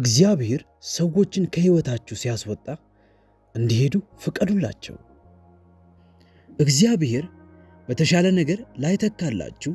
እግዚአብሔር ሰዎችን ከሕይወታችሁ ሲያስወጣ እንዲሄዱ ፍቀዱላቸው። እግዚአብሔር በተሻለ ነገር ላይተካላችሁ፣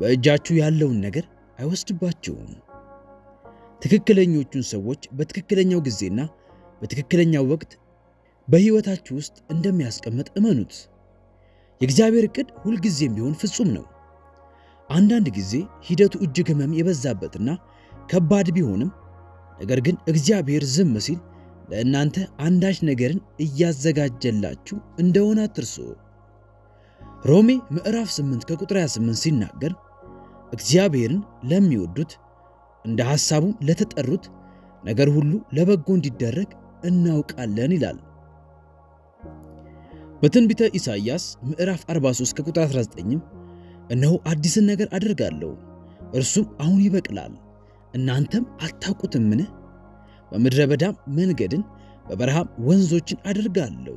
በእጃችሁ ያለውን ነገር አይወስድባችሁም። ትክክለኞቹን ሰዎች በትክክለኛው ጊዜና በትክክለኛው ወቅት በሕይወታችሁ ውስጥ እንደሚያስቀምጥ እመኑት። የእግዚአብሔር ዕቅድ ሁልጊዜም ቢሆን ፍጹም ነው። አንዳንድ ጊዜ ሂደቱ እጅግ ሕመም የበዛበትና ከባድ ቢሆንም ነገር ግን እግዚአብሔር ዝም ሲል ለእናንተ አንዳች ነገርን እያዘጋጀላችሁ እንደሆነ አትርሱ። ሮሜ ምዕራፍ 8 ከቁጥር 28 ሲናገር እግዚአብሔርን ለሚወዱት እንደ ሐሳቡም ለተጠሩት ነገር ሁሉ ለበጎ እንዲደረግ እናውቃለን ይላል። በትንቢተ ኢሳይያስ ምዕራፍ 43 ከቁጥር 19 እነሆ አዲስን ነገር አድርጋለሁ እርሱም አሁን ይበቅላል እናንተም አታውቁትምን? በምድረ በዳም መንገድን በበረሃም ወንዞችን አድርጋለሁ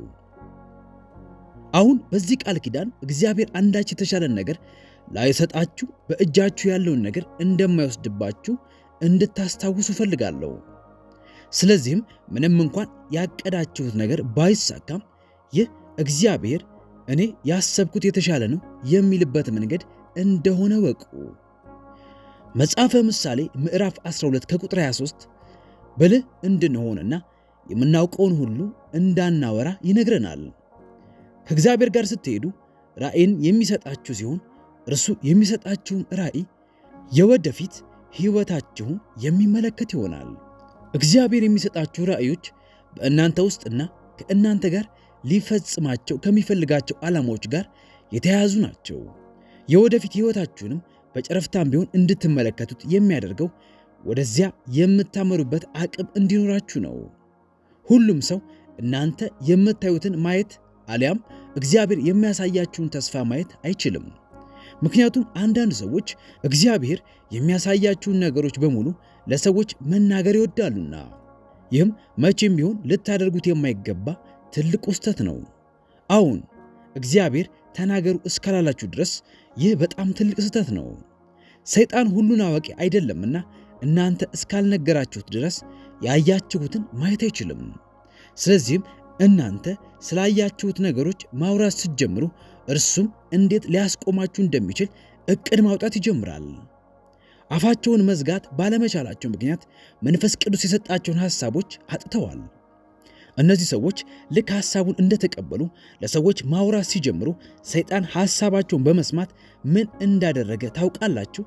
አሁን በዚህ ቃል ኪዳን እግዚአብሔር አንዳች የተሻለን ነገር ላይሰጣችሁ በእጃችሁ ያለውን ነገር እንደማይወስድባችሁ እንድታስታውሱ እፈልጋለሁ። ስለዚህም ምንም እንኳን ያቀዳችሁት ነገር ባይሳካም ይህ እግዚአብሔር እኔ ያሰብኩት የተሻለ ነው የሚልበት መንገድ እንደሆነ ወቁ። መጽሐፈ ምሳሌ ምዕራፍ 12 ከቁጥር 23 ብልህ እንድንሆንና የምናውቀውን ሁሉ እንዳናወራ ይነግረናል። ከእግዚአብሔር ጋር ስትሄዱ ራእይን የሚሰጣችሁ ሲሆን እርሱ የሚሰጣችሁን ራእይ የወደፊት ሕይወታችሁን የሚመለከት ይሆናል። እግዚአብሔር የሚሰጣችሁ ራእዮች በእናንተ ውስጥና ከእናንተ ጋር ሊፈጽማቸው ከሚፈልጋቸው ዓላማዎች ጋር የተያያዙ ናቸው። የወደፊት ሕይወታችሁንም በጨረፍታም ቢሆን እንድትመለከቱት የሚያደርገው ወደዚያ የምታመሩበት አቅም እንዲኖራችሁ ነው። ሁሉም ሰው እናንተ የምታዩትን ማየት አሊያም እግዚአብሔር የሚያሳያችሁን ተስፋ ማየት አይችልም። ምክንያቱም አንዳንድ ሰዎች እግዚአብሔር የሚያሳያችሁን ነገሮች በሙሉ ለሰዎች መናገር ይወዳሉና፣ ይህም መቼም ቢሆን ልታደርጉት የማይገባ ትልቅ ውስተት ነው። አሁን እግዚአብሔር ተናገሩ እስካላላችሁ ድረስ ይህ በጣም ትልቅ ስህተት ነው። ሰይጣን ሁሉን አዋቂ አይደለምና እናንተ እስካልነገራችሁት ድረስ ያያችሁትን ማየት አይችልም። ስለዚህም እናንተ ስላያችሁት ነገሮች ማውራት ስትጀምሩ እርሱም እንዴት ሊያስቆማችሁ እንደሚችል እቅድ ማውጣት ይጀምራል። አፋቸውን መዝጋት ባለመቻላቸው ምክንያት መንፈስ ቅዱስ የሰጣቸውን ሐሳቦች አጥተዋል። እነዚህ ሰዎች ልክ ሐሳቡን እንደተቀበሉ ለሰዎች ማውራት ሲጀምሩ ሰይጣን ሐሳባቸውን በመስማት ምን እንዳደረገ ታውቃላችሁ?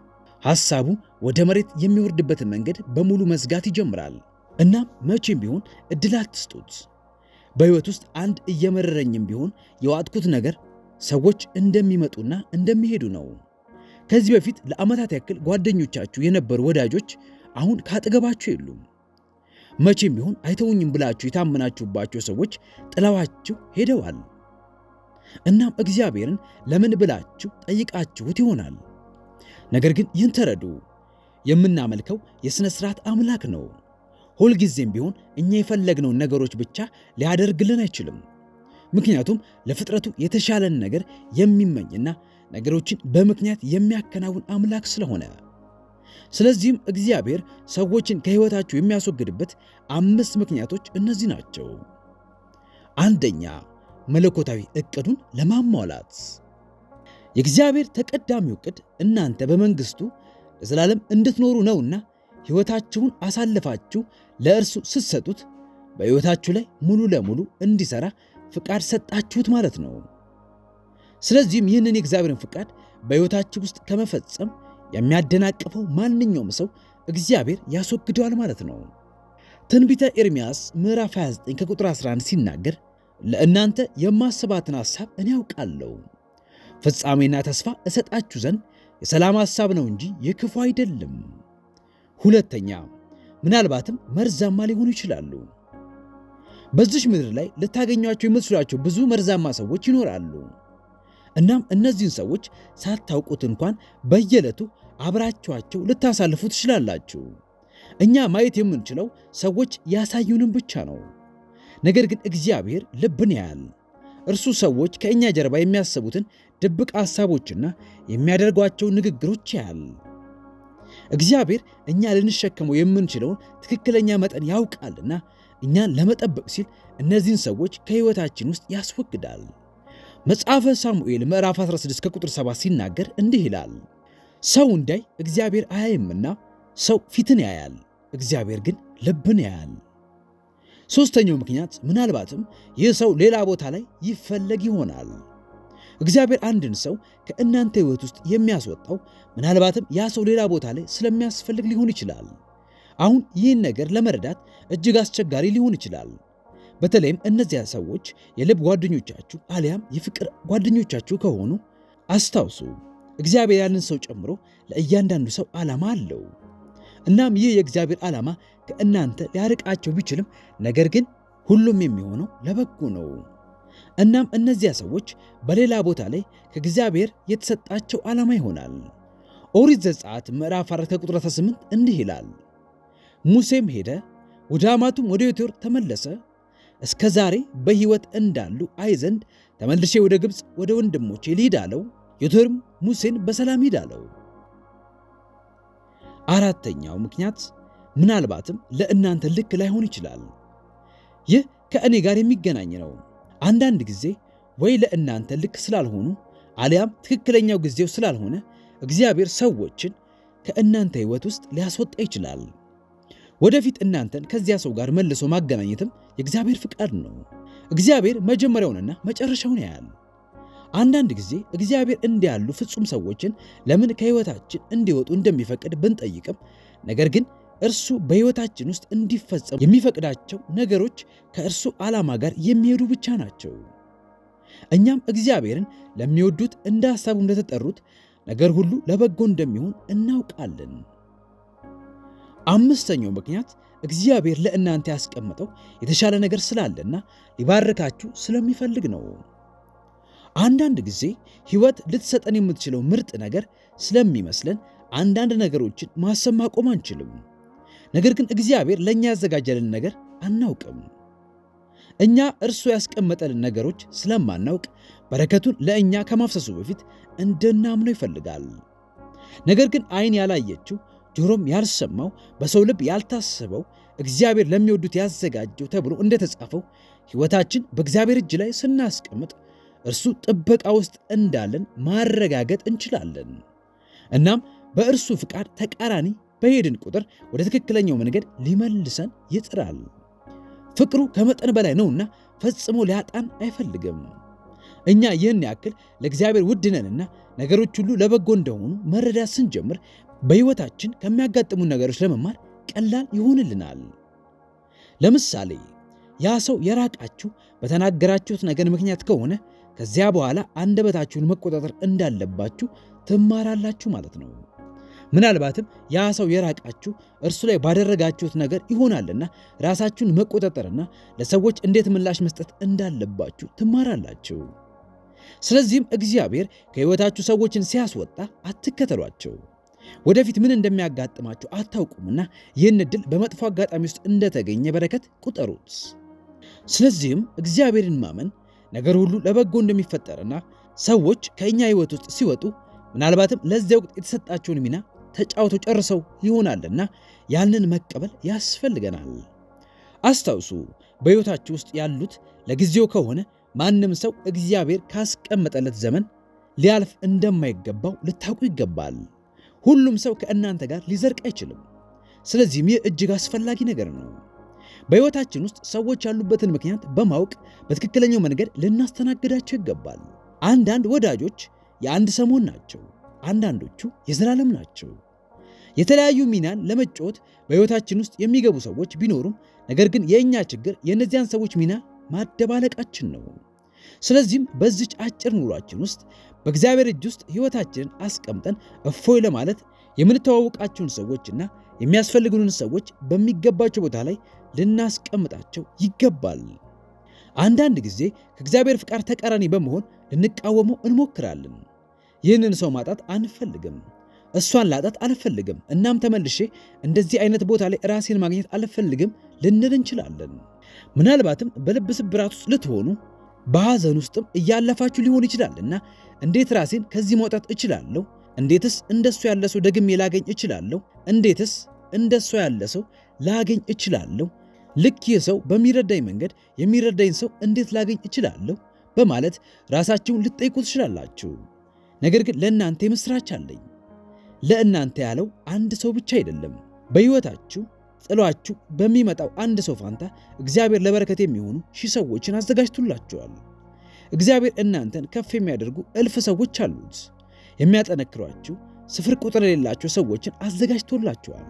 ሐሳቡ ወደ መሬት የሚወርድበትን መንገድ በሙሉ መዝጋት ይጀምራል። እናም መቼም ቢሆን እድል አትስጡት። በሕይወት ውስጥ አንድ እየመረረኝም ቢሆን የዋጥኩት ነገር ሰዎች እንደሚመጡና እንደሚሄዱ ነው። ከዚህ በፊት ለዓመታት ያክል ጓደኞቻችሁ የነበሩ ወዳጆች አሁን ካጠገባችሁ የሉም። መቼም ቢሆን አይተውኝም ብላችሁ የታመናችሁባቸው ሰዎች ጥለዋችሁ ሄደዋል። እናም እግዚአብሔርን ለምን ብላችሁ ጠይቃችሁት ይሆናል። ነገር ግን ይህን ተረዱ፣ የምናመልከው የሥነ ሥርዓት አምላክ ነው። ሁልጊዜም ቢሆን እኛ የፈለግነውን ነገሮች ብቻ ሊያደርግልን አይችልም። ምክንያቱም ለፍጥረቱ የተሻለን ነገር የሚመኝና ነገሮችን በምክንያት የሚያከናውን አምላክ ስለሆነ ስለዚህም እግዚአብሔር ሰዎችን ከሕይወታቸው የሚያስወግድበት አምስት ምክንያቶች እነዚህ ናቸው። አንደኛ መለኮታዊ ዕቅዱን ለማሟላት የእግዚአብሔር ተቀዳሚው ዕቅድ እናንተ በመንግሥቱ ለዘላለም እንድትኖሩ ነውና ሕይወታችሁን አሳልፋችሁ ለእርሱ ስትሰጡት በሕይወታችሁ ላይ ሙሉ ለሙሉ እንዲሠራ ፍቃድ ሰጣችሁት ማለት ነው። ስለዚህም ይህንን የእግዚአብሔርን ፍቃድ በሕይወታችሁ ውስጥ ከመፈጸም የሚያደናቅፈው ማንኛውም ሰው እግዚአብሔር ያስወግደዋል ማለት ነው። ትንቢተ ኤርምያስ ምዕራፍ 29 ከቁጥር 11 ሲናገር ለእናንተ የማስባትን ሐሳብ እኔ ያውቃለሁ፣ ፍጻሜና ተስፋ እሰጣችሁ ዘንድ የሰላም ሐሳብ ነው እንጂ የክፉ አይደለም። ሁለተኛ ምናልባትም መርዛማ ሊሆኑ ይችላሉ። በዚች ምድር ላይ ልታገኟቸው የምትችሏቸው ብዙ መርዛማ ሰዎች ይኖራሉ። እናም እነዚህን ሰዎች ሳታውቁት እንኳን በየዕለቱ አብራችኋቸው ልታሳልፉ ትችላላችሁ። እኛ ማየት የምንችለው ሰዎች ያሳዩንም ብቻ ነው። ነገር ግን እግዚአብሔር ልብን ያያል። እርሱ ሰዎች ከእኛ ጀርባ የሚያስቡትን ድብቅ ሐሳቦችና የሚያደርጓቸው ንግግሮች ያያል። እግዚአብሔር እኛ ልንሸከመው የምንችለውን ትክክለኛ መጠን ያውቃልና እኛን ለመጠበቅ ሲል እነዚህን ሰዎች ከሕይወታችን ውስጥ ያስወግዳል። መጽሐፈ ሳሙኤል ምዕራፍ 16 ከቁጥር 7 ሲናገር እንዲህ ይላል፣ ሰው እንዳይ እግዚአብሔር አያይምና ሰው ፊትን ያያል፣ እግዚአብሔር ግን ልብን ያያል። ሦስተኛው ምክንያት ምናልባትም ይህ ሰው ሌላ ቦታ ላይ ይፈለግ ይሆናል። እግዚአብሔር አንድን ሰው ከእናንተ ሕይወት ውስጥ የሚያስወጣው ምናልባትም ያ ሰው ሌላ ቦታ ላይ ስለሚያስፈልግ ሊሆን ይችላል። አሁን ይህን ነገር ለመረዳት እጅግ አስቸጋሪ ሊሆን ይችላል። በተለይም እነዚያ ሰዎች የልብ ጓደኞቻችሁ አሊያም የፍቅር ጓደኞቻችሁ ከሆኑ አስታውሱ፣ እግዚአብሔር ያንን ሰው ጨምሮ ለእያንዳንዱ ሰው ዓላማ አለው። እናም ይህ የእግዚአብሔር ዓላማ ከእናንተ ሊያርቃቸው ቢችልም፣ ነገር ግን ሁሉም የሚሆነው ለበጎ ነው። እናም እነዚያ ሰዎች በሌላ ቦታ ላይ ከእግዚአብሔር የተሰጣቸው ዓላማ ይሆናል። ኦሪት ዘጸአት ምዕራፍ 4 ቁጥር 18 እንዲህ ይላል፣ ሙሴም ሄደ፣ ወደ አማቱም ወደ ዮቴር ተመለሰ እስከ ዛሬ በሕይወት እንዳሉ አይ ዘንድ ተመልሼ ወደ ግብፅ ወደ ወንድሞቼ ልሂድ አለው። ዮቶርም ሙሴን በሰላም ሂድ አለው። አራተኛው ምክንያት ምናልባትም ለእናንተ ልክ ላይሆን ይችላል። ይህ ከእኔ ጋር የሚገናኝ ነው። አንዳንድ ጊዜ ወይ ለእናንተ ልክ ስላልሆኑ አሊያም ትክክለኛው ጊዜው ስላልሆነ እግዚአብሔር ሰዎችን ከእናንተ ሕይወት ውስጥ ሊያስወጣ ይችላል። ወደፊት እናንተን ከዚያ ሰው ጋር መልሶ ማገናኘትም የእግዚአብሔር ፍቃድ ነው። እግዚአብሔር መጀመሪያውንና መጨረሻውን ያያል። አንዳንድ ጊዜ እግዚአብሔር እንዲያሉ ፍጹም ሰዎችን ለምን ከሕይወታችን እንዲወጡ እንደሚፈቅድ ብንጠይቅም ነገር ግን እርሱ በሕይወታችን ውስጥ እንዲፈጸሙ የሚፈቅዳቸው ነገሮች ከእርሱ ዓላማ ጋር የሚሄዱ ብቻ ናቸው። እኛም እግዚአብሔርን ለሚወዱት እንደ ሐሳቡ እንደተጠሩት ነገር ሁሉ ለበጎ እንደሚሆን እናውቃለን። አምስተኛው ምክንያት እግዚአብሔር ለእናንተ ያስቀመጠው የተሻለ ነገር ስላለና ሊባርካችሁ ስለሚፈልግ ነው። አንዳንድ ጊዜ ሕይወት ልትሰጠን የምትችለው ምርጥ ነገር ስለሚመስለን አንዳንድ ነገሮችን ማሰብ ማቆም አንችልም። ነገር ግን እግዚአብሔር ለእኛ ያዘጋጀልን ነገር አናውቅም። እኛ እርሱ ያስቀመጠልን ነገሮች ስለማናውቅ በረከቱን ለእኛ ከማፍሰሱ በፊት እንድናምነው ይፈልጋል። ነገር ግን ዓይን ያላየችው ጆሮም ያልሰማው በሰው ልብ ያልታሰበው እግዚአብሔር ለሚወዱት ያዘጋጀው ተብሎ እንደተጻፈው ሕይወታችን በእግዚአብሔር እጅ ላይ ስናስቀምጥ እርሱ ጥበቃ ውስጥ እንዳለን ማረጋገጥ እንችላለን። እናም በእርሱ ፍቃድ ተቃራኒ በሄድን ቁጥር ወደ ትክክለኛው መንገድ ሊመልሰን ይጥራል። ፍቅሩ ከመጠን በላይ ነውና ፈጽሞ ሊያጣን አይፈልግም። እኛ ይህን ያክል ለእግዚአብሔር ውድ ነገሮች ሁሉ ለበጎ እንደሆኑ መረዳት ስንጀምር በሕይወታችን ከሚያጋጥሙ ነገሮች ለመማር ቀላል ይሆንልናል። ለምሳሌ ያ ሰው የራቃችሁ በተናገራችሁት ነገር ምክንያት ከሆነ ከዚያ በኋላ አንደበታችሁን መቆጣጠር እንዳለባችሁ ትማራላችሁ ማለት ነው። ምናልባትም ያ ሰው የራቃችሁ እርሱ ላይ ባደረጋችሁት ነገር ይሆናልና ራሳችሁን መቆጣጠርና ለሰዎች እንዴት ምላሽ መስጠት እንዳለባችሁ ትማራላችሁ። ስለዚህም እግዚአብሔር ከሕይወታችሁ ሰዎችን ሲያስወጣ አትከተሏቸው። ወደፊት ምን እንደሚያጋጥማችሁ አታውቁምና ይህን እድል በመጥፎ አጋጣሚ ውስጥ እንደተገኘ በረከት ቁጠሩት። ስለዚህም እግዚአብሔርን ማመን ነገር ሁሉ ለበጎ እንደሚፈጠርና ሰዎች ከእኛ ሕይወት ውስጥ ሲወጡ ምናልባትም ለዚያ ወቅት የተሰጣቸውን ሚና ተጫውቶ ጨርሰው ይሆናልና ያንን መቀበል ያስፈልገናል። አስታውሱ፣ በሕይወታችሁ ውስጥ ያሉት ለጊዜው ከሆነ ማንም ሰው እግዚአብሔር ካስቀመጠለት ዘመን ሊያልፍ እንደማይገባው ልታውቁ ይገባል። ሁሉም ሰው ከእናንተ ጋር ሊዘርቅ አይችልም። ስለዚህም ይህ እጅግ አስፈላጊ ነገር ነው። በሕይወታችን ውስጥ ሰዎች ያሉበትን ምክንያት በማወቅ በትክክለኛው መንገድ ልናስተናግዳቸው ይገባል። አንዳንድ ወዳጆች የአንድ ሰሞን ናቸው፣ አንዳንዶቹ የዘላለም ናቸው። የተለያዩ ሚናን ለመጫወት በሕይወታችን ውስጥ የሚገቡ ሰዎች ቢኖሩም ነገር ግን የእኛ ችግር የእነዚያን ሰዎች ሚና ማደባለቃችን ነው። ስለዚህም በዚች አጭር ኑሯችን ውስጥ በእግዚአብሔር እጅ ውስጥ ሕይወታችንን አስቀምጠን እፎይ ለማለት የምንተዋወቃቸውን ሰዎችና የሚያስፈልጉንን ሰዎች በሚገባቸው ቦታ ላይ ልናስቀምጣቸው ይገባል። አንዳንድ ጊዜ ከእግዚአብሔር ፍቃድ ተቃራኒ በመሆን ልንቃወመው እንሞክራለን። ይህንን ሰው ማጣት አንፈልግም። እሷን ላጣት አልፈልግም። እናም ተመልሼ እንደዚህ አይነት ቦታ ላይ ራሴን ማግኘት አልፈልግም ልንል እንችላለን። ምናልባትም በልብ ስብራት ውስጥ ልትሆኑ በሐዘን ውስጥም እያለፋችሁ ሊሆን ይችላል እና እንዴት ራሴን ከዚህ መውጣት እችላለሁ? እንዴትስ እንደሱ ያለ ሰው ደግሜ ላገኝ እችላለሁ? እንዴትስ እንደሱ ያለ ሰው ላገኝ እችላለሁ? ልክ ይህ ሰው በሚረዳኝ መንገድ የሚረዳኝ ሰው እንዴት ላገኝ እችላለሁ? በማለት ራሳችሁን ልትጠይቁ ትችላላችሁ። ነገር ግን ለእናንተ የምስራች አለኝ። ለእናንተ ያለው አንድ ሰው ብቻ አይደለም። በሕይወታችሁ ጥሏችሁ በሚመጣው አንድ ሰው ፋንታ እግዚአብሔር ለበረከት የሚሆኑ ሺህ ሰዎችን አዘጋጅቶላችኋል። እግዚአብሔር እናንተን ከፍ የሚያደርጉ እልፍ ሰዎች አሉት። የሚያጠነክሯችሁ ስፍር ቁጥር የሌላቸው ሰዎችን አዘጋጅቶላችኋል።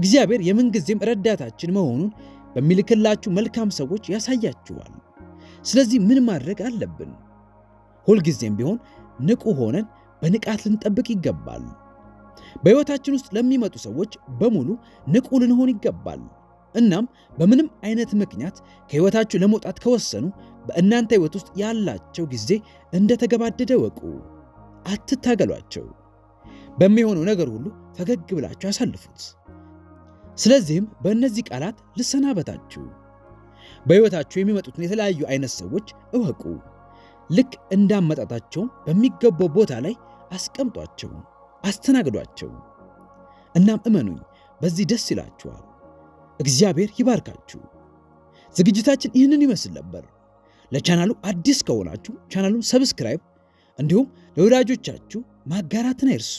እግዚአብሔር የምንጊዜም ረዳታችን መሆኑን በሚልክላችሁ መልካም ሰዎች ያሳያችኋል። ስለዚህ ምን ማድረግ አለብን? ሁልጊዜም ቢሆን ንቁ ሆነን በንቃት ልንጠብቅ ይገባል። በሕይወታችን ውስጥ ለሚመጡ ሰዎች በሙሉ ንቁ ልንሆን ይገባል። እናም በምንም አይነት ምክንያት ከሕይወታችሁ ለመውጣት ከወሰኑ በእናንተ ሕይወት ውስጥ ያላቸው ጊዜ እንደተገባደደ ወቁ። አትታገሏቸው። በሚሆነው ነገር ሁሉ ፈገግ ብላችሁ ያሳልፉት። ስለዚህም በእነዚህ ቃላት ልሰናበታችሁ። በሕይወታችሁ የሚመጡትን የተለያዩ አይነት ሰዎች እወቁ። ልክ እንዳመጣጣቸውም በሚገባው ቦታ ላይ አስቀምጧቸው። አስተናግዷቸው። እናም እመኑኝ በዚህ ደስ ይላችኋል። እግዚአብሔር ይባርካችሁ። ዝግጅታችን ይህንን ይመስል ነበር። ለቻናሉ አዲስ ከሆናችሁ ቻናሉን ሰብስክራይብ እንዲሁም ለወዳጆቻችሁ ማጋራትን አይርሱ።